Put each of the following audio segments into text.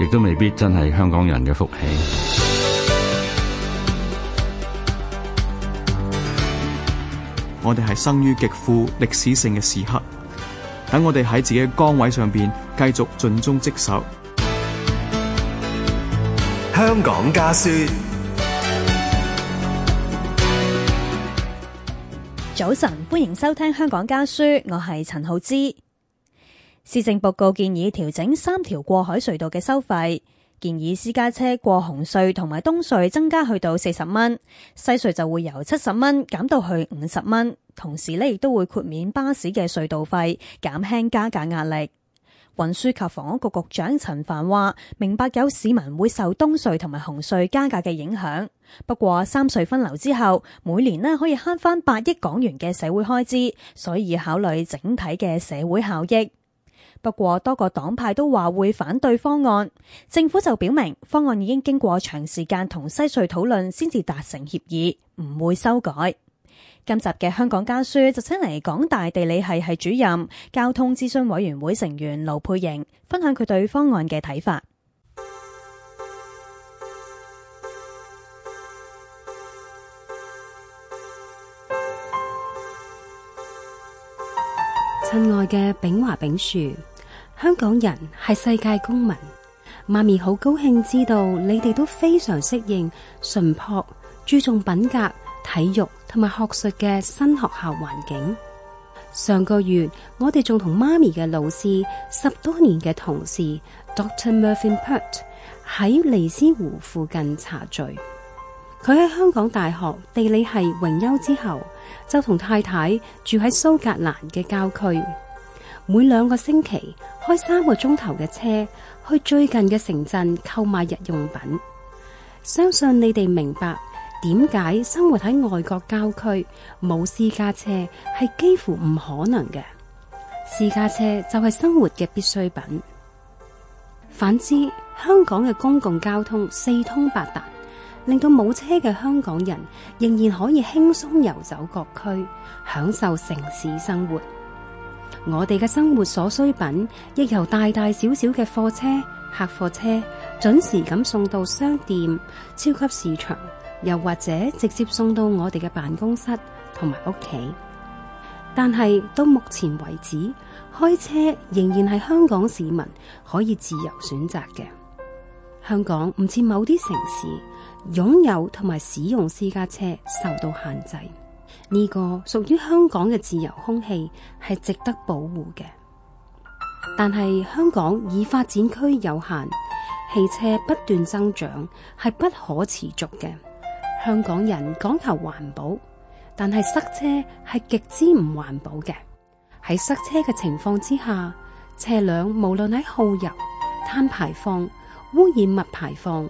亦都未必真係香港人嘅福氣。 我哋係生於極富歷史性嘅時刻，等我哋喺自己嘅崗位上邊繼續盡忠職守。香港家書，早晨，歡迎收聽《香港家書》，我係陳浩之。市政報告建議調整三條過海隧道嘅收費，建議私家車過紅隧同埋東隧增加去到四十蚊，西隧就會由七十蚊減到去五十蚊。同時呢亦都會豁免巴士嘅隧道費，減輕加價壓力。運輸及房屋局局長陳帆話：明白有市民會受東隧同埋紅隧，隧加價嘅影響，不過三隧分流之後，每年呢可以慳翻八億港元嘅社會開支，所以考慮整體嘅社會效益。不過多個黨派都話會反對方案，政府就表明方案已經經過長時間同西隧討論，先至達成協議，唔會修改。今集嘅《香港家書》就請嚟港大地理系系主任、交通諮詢委員會成員盧佩瑩分享佢對方案嘅睇法。親愛嘅炳華炳樹。香港人係世界公民，媽咪好高興知道你哋都非常適應淳樸、注重品格、體育同埋學術嘅新學校環境。上個月我哋仲同媽咪嘅老師、十多年嘅同事 Dr. Murphy Pert 喺尼斯湖附近茶聚。佢喺香港大學地理系榮休之後，就同太太住喺蘇格蘭嘅郊區。每兩個星期開三個鐘頭嘅車去最近嘅城鎮購買日用品，相信你哋明白點解生活喺外國郊區冇私家車係幾乎唔可能嘅。私家車就係生活嘅必需品。反之，香港嘅公共交通四通八達，令到冇車嘅香港人仍然可以輕鬆遊走各區，享受城市生活。我哋嘅生活所需品亦由大大小小嘅貨車、客貨車準時咁送到商店、超級市場，又或者直接送到我哋嘅辦公室同埋屋企。但係到目前為止，開車仍然係香港市民可以自由選擇嘅。香港唔似某啲城市，擁有同埋使用私家車受到限制。呢個屬於香港嘅自由空氣係值得保護嘅，但係香港已發展區有限，汽車不斷增長係不可持續嘅。香港人講求環保，但係塞車係極之唔環保嘅。喺塞車嘅情況之下，車輛無論喺耗油、攤排放。污染物排放，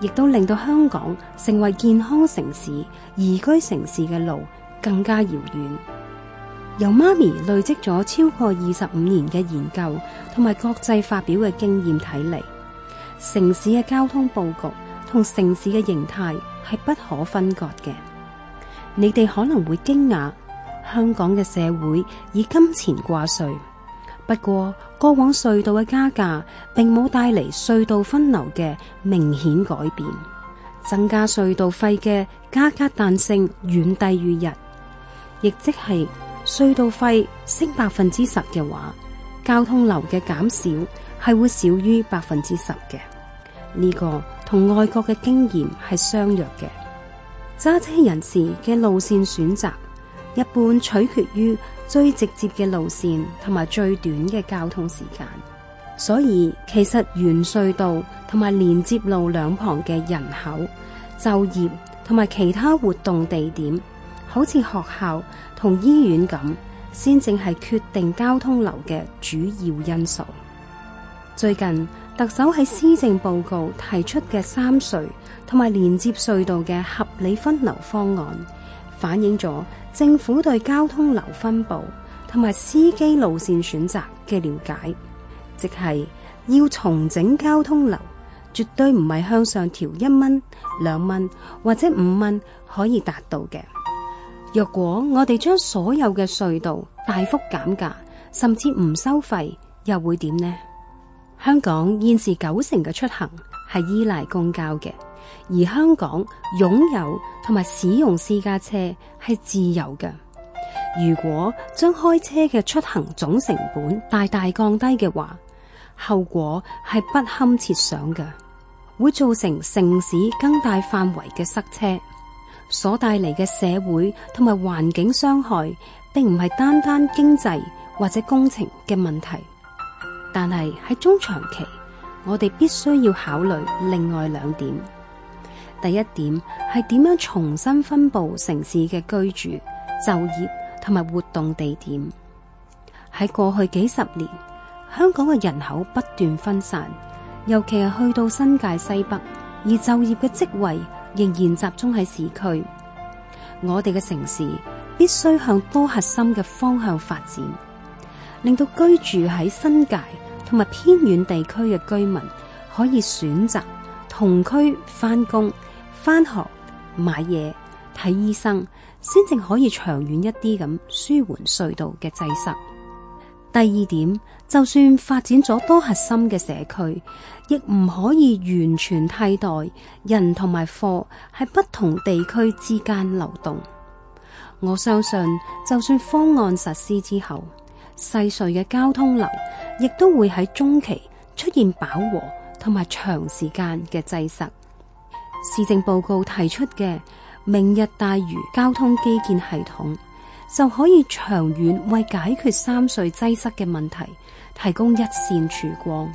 亦都令到香港成為健康城市、宜居城市嘅路更加遙遠。由媽咪累積咗超過二十五年嘅研究同埋國際發表嘅經驗睇嚟，城市嘅交通布局同城市嘅形態係不可分割嘅。你哋可能會驚訝，香港嘅社會以金錢掛帥。不過過往隧道嘅加價，並冇帶嚟隧道分流嘅明顯改變。增加隧道費嘅加價彈性遠低於一，亦即係隧道費升百分之十嘅話，交通流嘅減少係會少於百分之十嘅。呢、這個同外國嘅經驗係相若嘅。揸車人士嘅路線選擇，一般取決於。最直接嘅路線同埋最短嘅交通時間，所以其實沿隧道同埋連接路兩旁嘅人口、就業同埋其他活動地點，好似學校同醫院咁，先正係決定交通流嘅主要因素。最近特首喺施政報告提出嘅三隧同埋連接隧道嘅合理分流方案。反映咗政府對交通流分布同埋司機路線選擇嘅了解，即係要重整交通流，絕對唔係向上調一蚊、兩蚊或者五蚊可以達到嘅。若果我哋將所有嘅隧道大幅減價，甚至唔收費，又會點呢？香港現時九成嘅出行係依賴公交嘅。而香港擁有同埋使用私家車係自由嘅。如果將開車嘅出行總成本大大降低嘅話，後果係不堪設想嘅，會造成城市更大範圍嘅塞車，所帶嚟嘅社會同埋環境傷害，並唔係單單經濟或者工程嘅問題。但係喺中長期，我哋必須要考慮另外兩點。第一點係點樣重新分佈城市嘅居住、就業同埋活動地點。喺過去幾十年，香港嘅人口不斷分散，尤其係去到新界西北，而就業嘅職位仍然集中喺市區。我哋嘅城市必須向多核心嘅方向發展，令到居住喺新界同埋偏遠地區嘅居民可以選擇同區返工。返學、買嘢、睇醫生，先正可以長遠一啲咁舒緩隧道嘅擠塞。第二點，就算發展咗多核心嘅社區，亦唔可以完全替代人同埋貨喺不同地區之間流動。我相信，就算方案實施之後，細碎嘅交通流亦都會喺中期出現飽和同埋長時間嘅擠塞。市政報告提出嘅明日大嶼交通基建系統，就可以長遠為解決三隧擠塞嘅問題，提供一線曙光。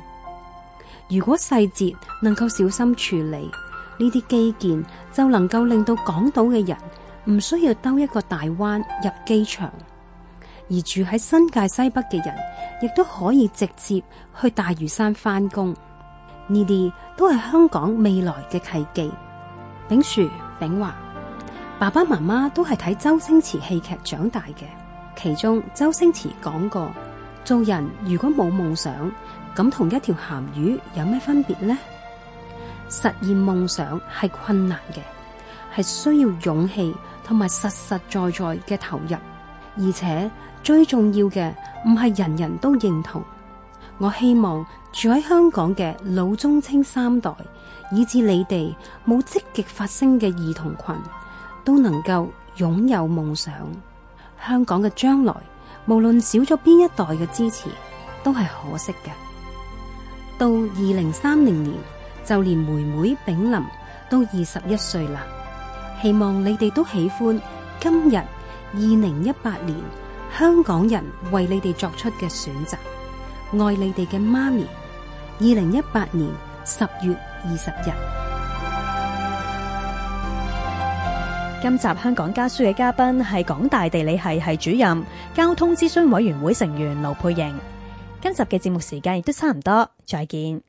如果細節能夠小心處理，呢啲基建就能夠令到港島嘅人唔需要兜一個大彎入機場，而住喺新界西北嘅人亦都可以直接去大嶼山返工。呢啲都係香港未來嘅契機。炳樹、炳華，爸爸媽媽都係睇周星馳戲劇長大嘅。其中，周星馳講過：做人如果冇夢想，咁同一條鹹魚有咩分別呢？實現夢想係困難嘅，係需要勇氣同埋實實在在嘅投入，而且最重要嘅唔係人人都認同。我希望住喺香港嘅老中青三代，以至你哋冇積極發聲嘅兒童群，都能夠擁有夢想。香港嘅將來，無論少咗邊一代嘅支持，都係可惜嘅。到二零三零年，就連妹妹炳林都二十一歲啦。希望你哋都喜歡今日二零一八年香港人為你哋作出嘅選擇。愛你哋嘅媽咪。二零一八年十月二十日，今集香港家書嘅嘉賓係港大地理系系主任、交通諮詢委員會成員盧佩瑩。今集嘅節目時間亦都差唔多，再見。